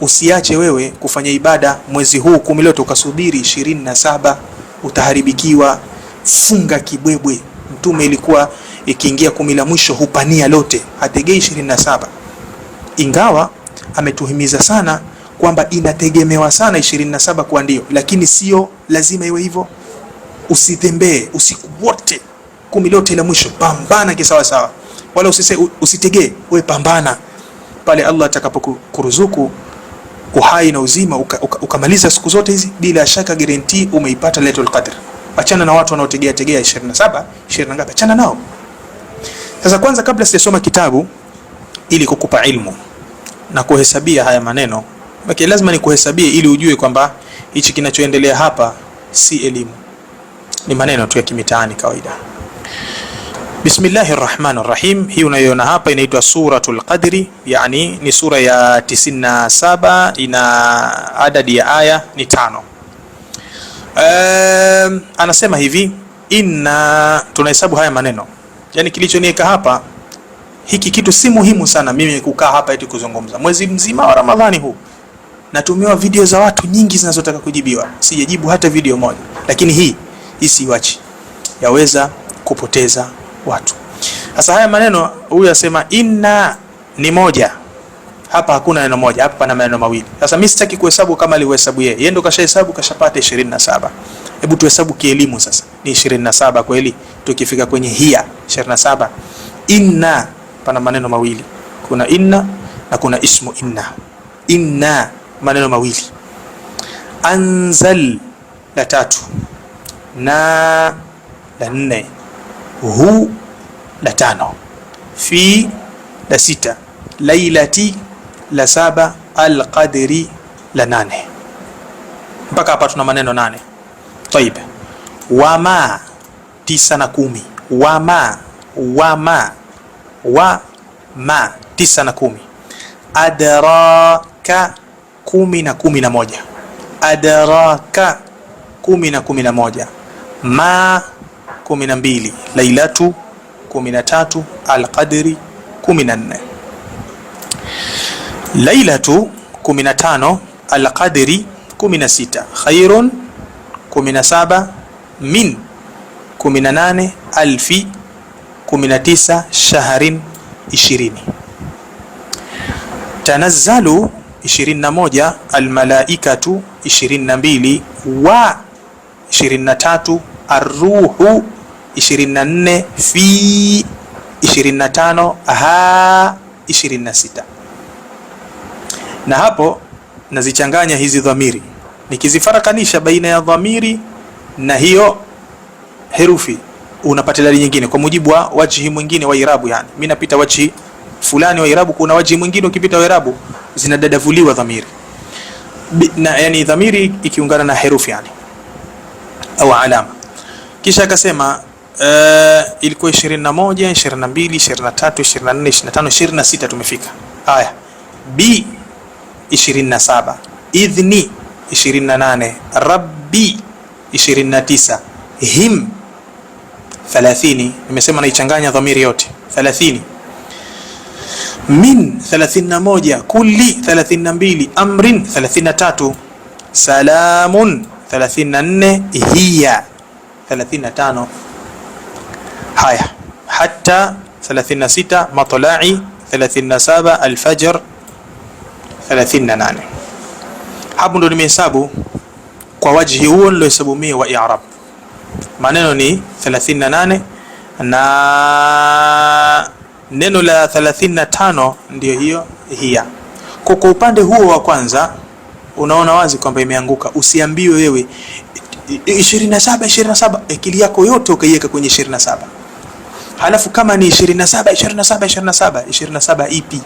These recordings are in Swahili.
usiache wewe kufanya ibada mwezi huu kumi lote ukasubiri ishirini na saba utaharibikiwa. Funga kibwebwe. Mtume ilikuwa ikiingia kumi la mwisho hupania lote, hategei ishirini na saba ingawa ametuhimiza sana kwamba inategemewa sana ishirini na saba kuwa ndio, lakini sio lazima iwe hivyo. Usitembee usiku wote kumi lote la mwisho, pambana kisawasawa, wala usise, usitegee, wewe, pambana pale Allah atakapokuruzuku uhai na uzima ukamaliza uka, uka siku zote hizi, bila shaka guarantee umeipata Lailatul Qadr. Achana na watu wanaotegea tegea 27 20 ngapi, achana nao. Sasa kwanza, kabla sijasoma kitabu ili kukupa ilmu na kuhesabia haya maneno, baki lazima nikuhesabie ili ujue kwamba hichi kinachoendelea hapa si elimu, ni maneno tu ya kimitaani kawaida. Bismillahi rahmani rahim. Hii unayoona hapa inaitwa Suratul Qadri, yani ni sura ya 97 ina adadi ya aya ni tano. Um, anasema hivi inna, tunahesabu haya maneno yani, kilichoniweka hapa hiki kitu si muhimu sana mimi kukaa hapa eti kuzungumza. Mwezi mzima wa Ramadhani huu natumiwa video za watu nyingi zinazotaka kujibiwa, sijajibu hata video moja, lakini hii hii siwachi, yaweza kupoteza watu. Sasa haya maneno huyu asema inna ni moja. Hapa hakuna neno moja, hapa pana maneno mawili. Sasa mimi sitaki kuhesabu kama alivyohesabu yeye. Yeye ndo kashahesabu kashapata 27. Hebu tuhesabu kielimu sasa. Ni 27 kweli? Tukifika kwenye hia 27. Inna pana maneno mawili. Kuna inna na kuna ismu inna. Inna maneno mawili. Anzal la tatu. Na la nne hu la tano, fi la sita, lailati la saba, alqadri la nane. Mpaka hapa tuna maneno nane. Tayib, wama tisa na kumi, wama wama wa ma tisa na kumi, adraka kumi na kumi na moja, adraka kumi na kumi na moja ma kumi na mbili Lailatu kumi na tatu Alqadri kumi na nne Lailatu kumi na tano Alqadri kumi na sita Khairun kumi na saba Min kumi na nane Alfi kumi na tisa Shaharin ishirini Tanazzalu 21 almalaikatu 22 wa 23 arruhu 24 fi 25 ha 26. Na hapo nazichanganya hizi dhamiri, nikizifarakanisha baina ya dhamiri na hiyo herufi unapata dalili nyingine kwa mujibu wa wajihi mwingine wa irabu. Yani mimi napita wajhi fulani wa irabu, kuna wajhi mwingine ukipita wa irabu zinadadavuliwa dhamiri na, yani dhamiri ikiungana na herufi yani au alama. Kisha akasema uh, ilikuwa 21, 22, 23, 24, 25, 26 tumefika. Haya. B 27, idhni 28, rabbi 29, him 30. Nimesema naichanganya dhamiri yote 30 min 31 kulli 32 amrin 33 salamun 34 hiya 35 Haya, hatta 36 matlai 37 alfajr 38. Hapo ndo nimehesabu kwa wajhi huo nilohesabu mie wa i'rab, maneno ni 38 na neno la 35 ndio hiyo hiya. Kwa upande huo wa kwanza unaona wazi kwamba imeanguka. Usiambiwe wewe 27 27, akili yako yote ukaiweka kwenye 27 halafu kama ni 27 27 27 27 ipi?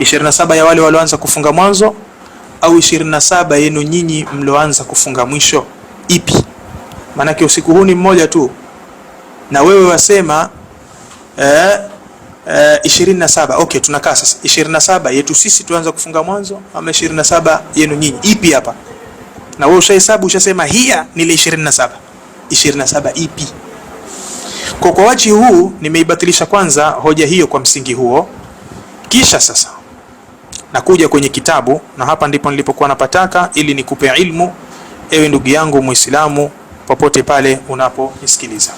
27 ya wale walioanza kufunga mwanzo au 27 yenu nyinyi mlioanza kufunga mwisho ipi? Maanake usiku huu ni mmoja tu, na wewe wasema eh, eh, 27. Okay, tunakaa sasa 27 yetu sisi tuanza kufunga mwanzo ama 27 yenu nyinyi ipi hapa? Na wewe ushahesabu ushasema, hia ni ile 27. 27 ipi? Kwa kwa waji huu nimeibatilisha kwanza hoja hiyo kwa msingi huo, kisha sasa nakuja kwenye kitabu, na hapa ndipo nilipokuwa napataka ili nikupe ilmu, ewe ndugu yangu Muislamu, popote pale unaponisikiliza,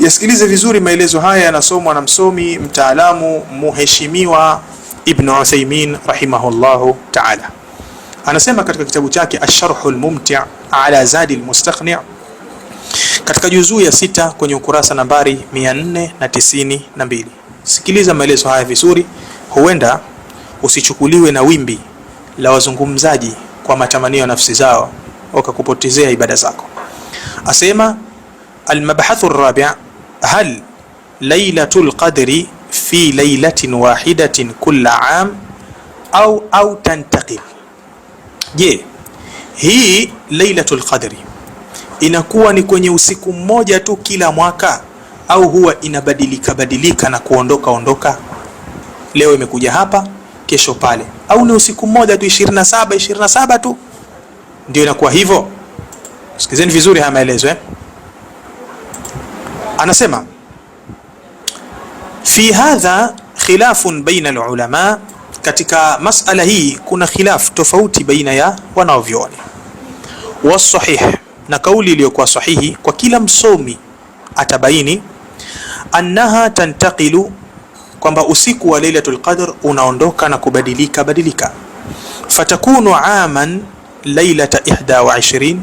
yasikilize vizuri maelezo haya, yanasomwa na msomi mtaalamu muheshimiwa Ibn Uthaymeen rahimahullahu ta'ala, anasema katika kitabu chake Asharhul Mumti' ala Zadil Mustaqni' katika juzuu ya sita kwenye ukurasa nambari 492. Sikiliza maelezo haya vizuri, huenda usichukuliwe na wimbi la wazungumzaji kwa matamanio ya nafsi zao wakakupotezea ibada zako. Asema almabhathu rabi' hal lailatul qadri fi lailatin wahidatin kulla am au au tantaqil. Je, hii lailatul qadri inakuwa ni kwenye usiku mmoja tu kila mwaka, au huwa inabadilika badilika na kuondoka ondoka? Leo imekuja hapa, kesho pale, au ni usiku mmoja tu 27 27 tu ndio inakuwa hivyo? Sikizeni vizuri haya maelezo eh? Anasema fi hadha khilafun baina alulama, katika masala hii kuna khilaf tofauti baina ya wanaovyoni wasahih na kauli iliyokuwa sahihi kwa kila msomi atabaini annaha tantaqilu, kwamba usiku wa Lailatul Qadr unaondoka na kubadilika badilika, fatakunu aman lailata 21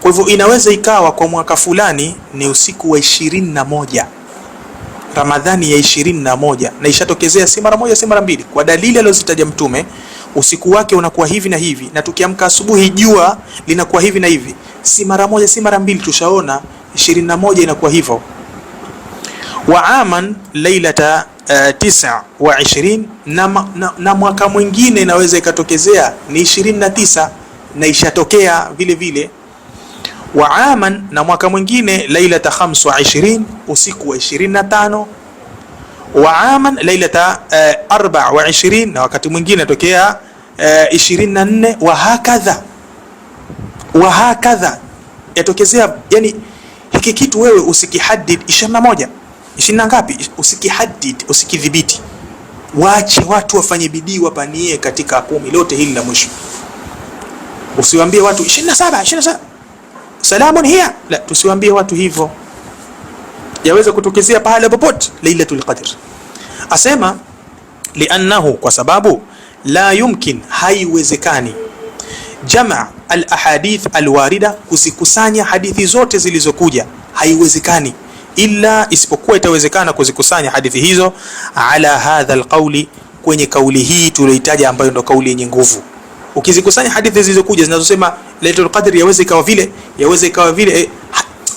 kwa hivyo inaweza ikawa kwa mwaka fulani ni usiku wa 21 Ramadhani ya 21 na ishatokezea si mara moja si mara mbili, kwa dalili alizozitaja Mtume usiku wake unakuwa hivi na hivi, na tukiamka asubuhi jua linakuwa hivi na hivi. Si mara moja, si mara mbili, tushaona 21 inakuwa hivyo. wa aman lailata uh, eh, 29 wa na, na, na mwaka mwingine inaweza ikatokezea ni 29 na ishatokea vile vile. wa aman, na mwaka mwingine lailata 25 usiku wa 25 wa aman lailata 24 uh, na wakati mwingine tokea Eh, e, 24 wahakadha wahakadha yatokezea. Yani hiki kitu wewe usikihadid, 21 20 na ngapi, usikihadid, usikidhibiti, waache watu wafanye bidii, wapanie katika kumi lote hili la mwisho. Usiwaambie watu 27 27 salamun hiya la, tusiwaambie watu hivyo, yaweza kutokezea pahala popote. Lailatul Qadr asema liannahu, kwa sababu la yumkin, haiwezekani jama al ahadith al warida, kuzikusanya hadithi zote zilizokuja, haiwezekani illa, isipokuwa itawezekana kuzikusanya hadithi hizo ala hadha alqauli, kwenye kauli hii tulioitaja, ambayo ndo kauli yenye nguvu. Ukizikusanya hadithi zilizokuja zinazosema Lailatul Qadr yaweza ikawa vile, yaweza ikawa vile eh,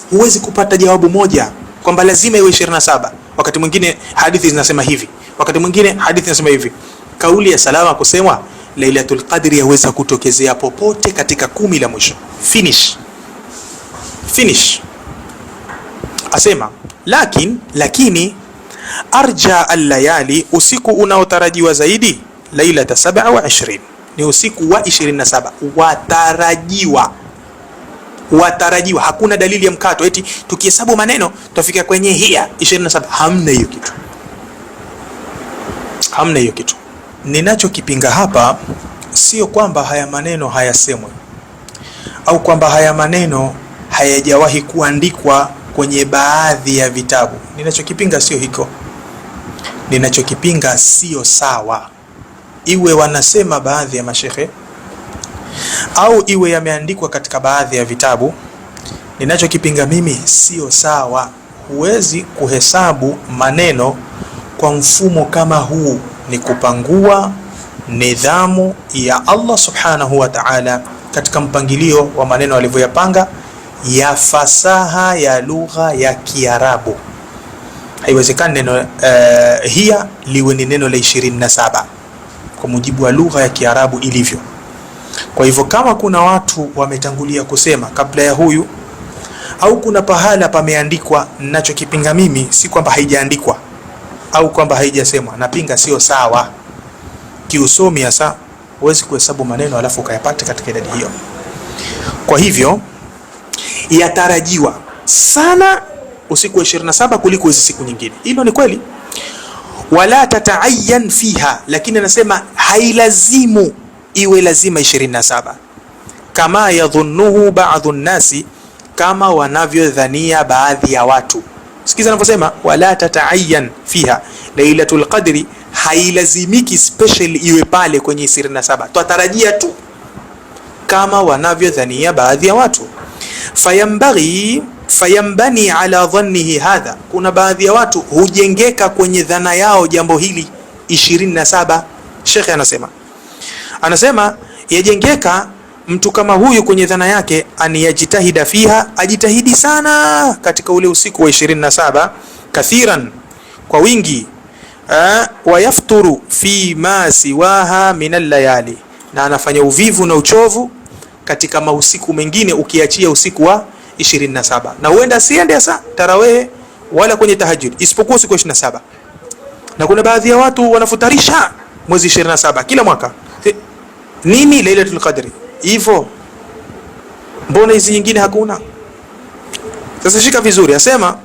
huwezi kupata jawabu moja kwamba lazima iwe 27. Wakati mwingine hadithi zinasema hivi, wakati mwingine hadithi zinasema hivi kauli ya Salama kusema Lailatul Qadri yaweza kutokezea popote katika kumi la mwisho. Finish. Finish. Asema lakin, lakini arja allayali, usiku unaotarajiwa zaidi lailata 27 ni usiku wa 27 watarajiwa watarajiwa. Hakuna dalili ya mkato eti tukihesabu maneno tutafika kwenye hiya 27. Hamna hiyo kitu, hamna hiyo kitu. Ninachokipinga hapa sio kwamba haya maneno hayasemwe au kwamba haya maneno hayajawahi kuandikwa kwenye baadhi ya vitabu. Ninachokipinga sio hiko, ninachokipinga sio sawa, iwe wanasema baadhi ya mashehe au iwe yameandikwa katika baadhi ya vitabu. Ninachokipinga mimi sio sawa. Huwezi kuhesabu maneno kwa mfumo kama huu ni kupangua nidhamu ya Allah subhanahu wa ta'ala katika mpangilio wa maneno alivyoyapanga ya fasaha ya lugha ya Kiarabu. Haiwezekani neno uh, hiya liwe ni neno la 27 kwa mujibu wa lugha ya Kiarabu ilivyo. Kwa hivyo kama kuna watu wametangulia kusema kabla ya huyu au kuna pahala pameandikwa, ninachokipinga mimi si kwamba haijaandikwa au kwamba haijasemwa, napinga, sio sawa kiusomi. Hasa huwezi kuhesabu maneno alafu ukayapate katika idadi hiyo. Kwa hivyo yatarajiwa sana usiku wa 27 kuliko hizi siku nyingine. Hilo ni kweli, wala tataayan fiha, lakini anasema hailazimu iwe lazima 27 kama yadhunuhu badhu nnasi, kama wanavyodhania baadhi ya watu Sikiza anavyosema, wala tataayan fiha lailatul qadri, hailazimiki special iwe pale kwenye 27. Twatarajia tu kama wanavyodhania baadhi ya watu. Fayambaghi fayambani ala dhannihi hadha, kuna baadhi ya watu hujengeka kwenye dhana yao jambo hili 27. Shekhe anasema anasema yajengeka mtu kama huyu kwenye dhana yake aniyajitahida fiha, ajitahidi sana katika ule usiku wa 27 kathiran, kwa wingi eh, ah, wayafturu fi ma siwaha min allayali, na anafanya uvivu na uchovu katika mausiku mengine, ukiachia usiku wa 27. Na huenda asiende hasa tarawehe wala kwenye tahajjud isipokuwa usiku wa 27. Na kuna baadhi ya watu wanafutarisha mwezi 27 kila mwaka. Nini Lailatul Qadri? hivyo, mbona hizi nyingine hakuna? Sasa shika vizuri, asema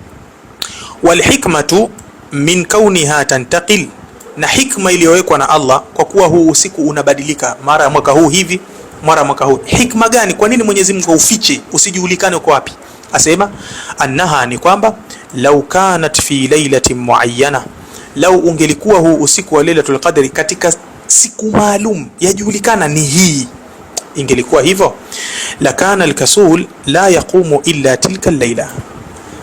walhikmatu min kauniha tantaqil, na hikma iliyowekwa na Allah kwa kuwa huu usiku unabadilika mara mwaka huu hivi mara mwaka huu. Hikma gani? Kwa nini Mwenyezi Mungu aufiche usijulikane uko wapi? Asema annaha, ni kwamba lau kanat fi lailatin muayyana, lau ungelikuwa huu usiku wa Lailatul Qadri katika siku maalum yajulikana ni hii ingelikuwa hivyo, lakana alkasul la yaqumu illa tilka laila,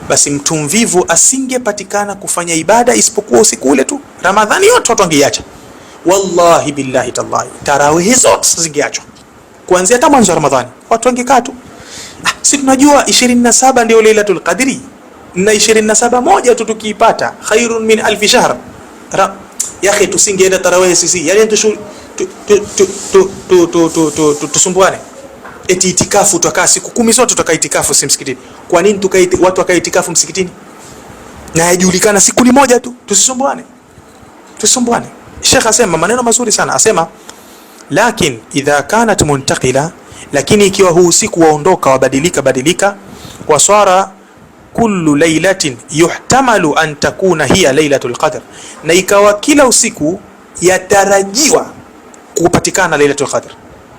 basi mtu mvivu asingepatikana kufanya ibada isipokuwa usiku ule tu. Ramadhani yote watu wangeiacha, wallahi billahi tallahi, tarawih zote zingeachwa kuanzia hata mwanzo wa Ramadhani, watu wangekaa tu. Ah, si tunajua 27 ndio Lailatul Qadri na 27 moja tu tukiipata khairun min alfi shahr. Ya akhi, tusingeenda tarawih sisi, yani tushu tusumbuane eti itikafu, tutakaa siku kumi zote tutakaa itikafu, si msikitini. Kwa nini tukae watu wakaa itikafu msikitini na yajulikana siku ni moja tu? Tusisumbuane, tusumbuane. shekh asema maneno mazuri sana, asema lakin idha kanat muntaqila, lakini ikiwa huu siku waondoka, wabadilika badilika, waswara kullu lailatin yuhtamalu an takuna hiya lailatu lqadr na ikawa kila usiku yatarajiwa kupatikana Lailatul Qadr.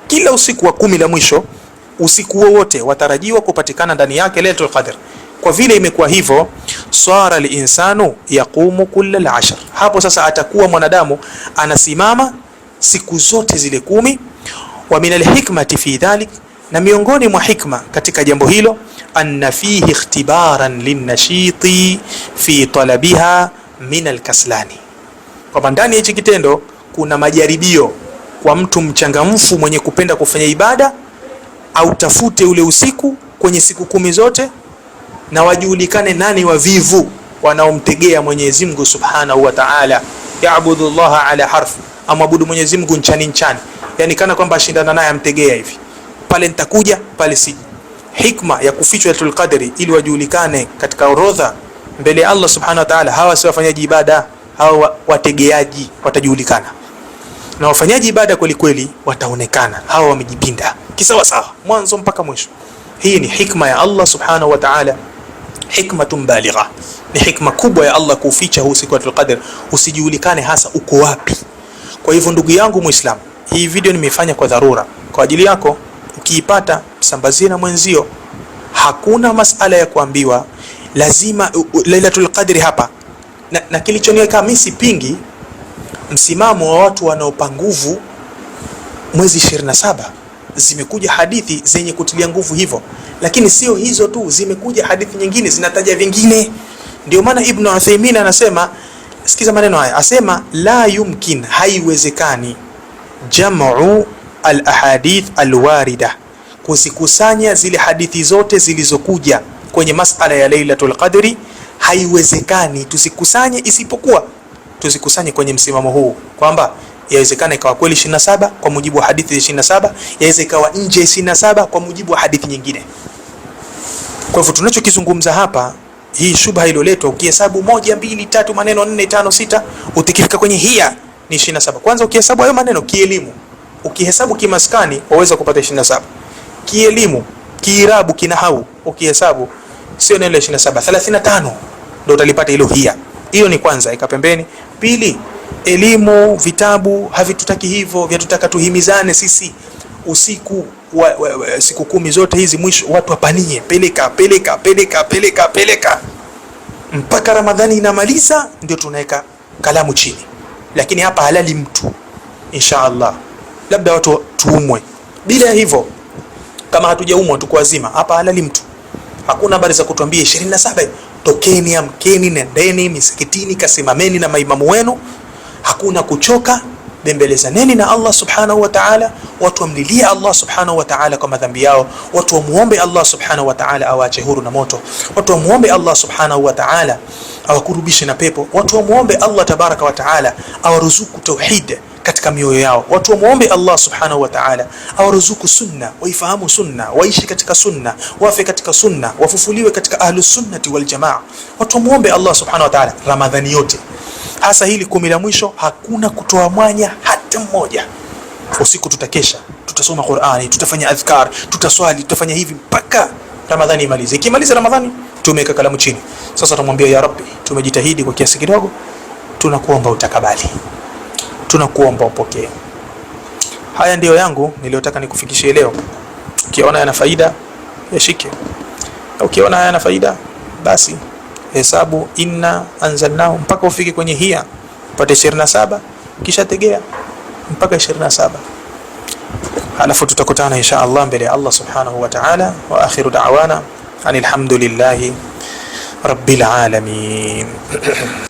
Kila usiku wa kumi la mwisho, usiku wowote watarajiwa kupatikana ndani yake Lailatul Qadr. Kwa vile imekuwa hivyo, swara linsanu yaqumu kullal ashar, hapo sasa atakuwa mwanadamu anasimama siku zote zile kumi. Wa min alhikmati fi dhalik, na miongoni mwa hikma katika jambo hilo, anna fihi ikhtibaran linnashiti fi talabiha min alkaslani, kwamba ndani ya hichi kitendo kuna majaribio kwa mtu mchangamfu mwenye kupenda kufanya ibada, autafute ule usiku kwenye siku kumi zote, na wajulikane nani wavivu wanaomtegea Mwenyezi Mungu Subhanahu wa Ta'ala. Yaabudu Allah ala harf, amwabudu Mwenyezi Mungu nchani nchani, yani kana kwamba ashindana naye amtegea hivi, pale nitakuja pale si Hikma ya kufichwa Lailatul Qadri ili wajulikane katika orodha mbele ya Allah Subhanahu wa Ta'ala. Hawa si wafanyaji ibada, hawa wategeaji watajulikana na wafanyaji ibada kweli kweli wataonekana hawa wamejipinda kisawa sawa mwanzo mpaka mwisho. Hii ni hikma ya Allah subhanahu wa ta'ala, hikmatun baligha, ni hikma kubwa ya Allah kuficha huu siku ya Qadr, usijulikane hasa uko wapi. Kwa hivyo ndugu yangu Muislam hii video nimeifanya kwa dharura kwa ajili yako. Ukiipata sambazie na mwenzio. Hakuna masala ya kuambiwa lazima Lailatul Qadri hapa na, na kilichoniweka mimi sipingi msimamo wa watu wanaopa nguvu mwezi 27 zimekuja hadithi zenye kutilia nguvu hivyo, lakini sio hizo tu, zimekuja hadithi nyingine zinataja vingine. Ndio maana Ibn Uthaymeen anasema, sikiza maneno haya, asema la yumkin, haiwezekani jamu al ahadith al warida, kuzikusanya zile hadithi zote zilizokuja kwenye masala ya Lailatul Qadri, haiwezekani tusikusanye isipokuwa tuzikusanye kwenye msimamo huu kwamba yawezekana ikawa kweli 27 kwa mujibu wa hadithi 27, yaweza ikawa nje 27 kwa mujibu wa hadithi nyingine. Kwa hivyo tunachokizungumza hapa, hii shubha iliyoletwa, ukihesabu moja, mbili, tatu, maneno nne, tano, sita, utikifika kwenye hiya ni 27. Kwanza ukihesabu hayo maneno kielimu, ukihesabu kimaskani waweza kupata 27 kielimu, kiirabu, kinahau, ukihesabu sio neno la 27, 35 ndio utalipata hilo hiya. Hiyo ni kwanza, ikapembeni Pili, elimu, vitabu havitutaki hivyo, vyatutaka tuhimizane sisi usiku wa, wa, wa, siku kumi zote hizi mwisho watu wapanie peleka peleka peleka peleka peleka mpaka Ramadhani inamaliza ndio tunaweka kalamu chini, lakini hapa halali mtu insha labda watu tuumwe. Bila ya hivyo, kama hatujaumwa tuko wazima, hapa halali mtu. Hakuna habari za kutuambia 27 Tokeni, amkeni, nendeni misikitini, kasimameni na maimamu wenu, hakuna kuchoka. Bembelezaneni na Allah subhanahu wa ta'ala, watu wamlilie Allah subhanahu wa ta'ala kwa madhambi yao, watu wamuombe Allah subhanahu wa ta'ala awache huru na moto, watu wamuombe Allah subhanahu wa ta'ala awakurubishe na pepo, watu wamuombe Allah tabaraka wa ta'ala awaruzuku tauhid katika mioyo yao. Watu wamwombe Allah subhanahu wa ta'ala awaruzuku sunna, waifahamu sunna, waishi katika sunna, wafe katika sunna, wafufuliwe katika ahlu sunnati wal jamaa. Watu wamwombe Allah subhanahu wa ta'ala Ramadhani yote, hasa hili kumi la mwisho, hakuna kutoa mwanya hata mmoja. Usiku tutakesha, tutasoma Qur'ani, tutafanya adhkar, tutaswali, tutafanya hivi mpaka Ramadhani imalize. Ikimaliza Ramadhani tumeweka kalamu chini. Sasa tumwambia ya Rabbi, tumejitahidi kwa kiasi kidogo, tunakuomba utakabali tunakuomba upokee. Haya ndiyo yangu niliyotaka nikufikishie leo. Ukiona yana faida yashike, ukiona hayana faida basi hesabu inna anzalnahu mpaka ufike kwenye hiya upate 27 kisha tegea mpaka 27, alafu tutakutana insha Allah mbele ya Allah subhanahu wa ta'ala. Wa akhiru da'wana anilhamdulillahi rabbil alamin.